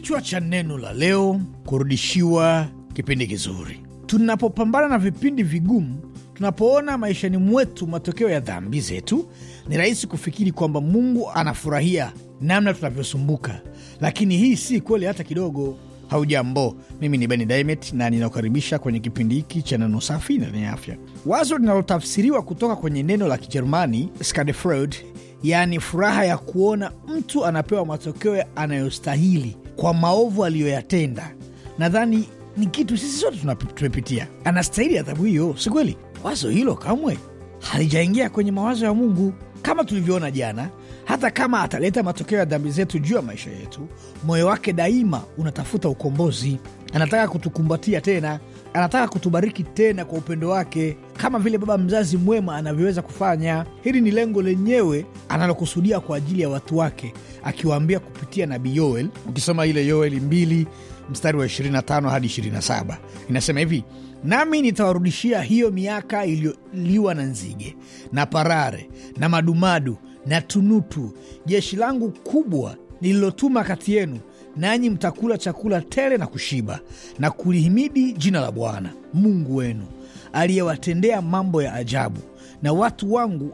Kichwa cha neno la leo: kurudishiwa kipindi kizuri. Tunapopambana na vipindi vigumu, tunapoona maishani mwetu matokeo ya dhambi zetu, ni rahisi kufikiri kwamba Mungu anafurahia namna tunavyosumbuka, lakini hii si kweli hata kidogo. Haujambo, mimi ni Beni Daimet na ninakukaribisha kwenye kipindi hiki cha neno safi na lenye afya. Wazo linalotafsiriwa kutoka kwenye neno la Kijerumani Skadefreud yaani furaha ya kuona mtu anapewa matokeo anayostahili kwa maovu aliyoyatenda. Nadhani ni kitu sisi sote tumepitia. Anastahili adhabu hiyo, si kweli? Wazo hilo kamwe halijaingia kwenye mawazo ya Mungu kama tulivyoona jana. Hata kama ataleta matokeo ya dhambi zetu juu ya maisha yetu, moyo wake daima unatafuta ukombozi. Anataka kutukumbatia tena, anataka kutubariki tena kwa upendo wake kama vile baba mzazi mwema anavyoweza kufanya. Hili ni lengo lenyewe analokusudia kwa ajili ya watu wake, akiwaambia kupitia nabii Yoel. Ukisoma ile Yoeli mbili mstari wa 25 hadi 27 inasema hivi: nami nitawarudishia hiyo miaka iliyoliwa na nzige na parare na madumadu na tunutu, jeshi langu kubwa nililotuma kati yenu, nanyi mtakula chakula tele na kushiba na kulihimidi jina la Bwana Mungu wenu aliyewatendea mambo ya ajabu, na watu wangu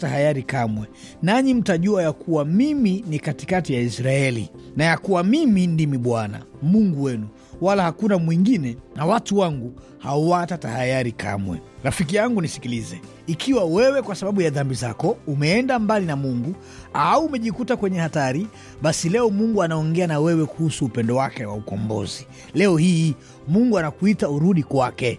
tahayari kamwe. Nanyi mtajua ya kuwa mimi ni katikati ya Israeli, na ya kuwa mimi ndimi Bwana Mungu wenu, wala hakuna mwingine, na watu wangu hawata tahayari kamwe. Rafiki yangu nisikilize, ikiwa wewe kwa sababu ya dhambi zako umeenda mbali na Mungu au umejikuta kwenye hatari, basi leo Mungu anaongea na wewe kuhusu upendo wake wa ukombozi. Leo hii Mungu anakuita urudi kwake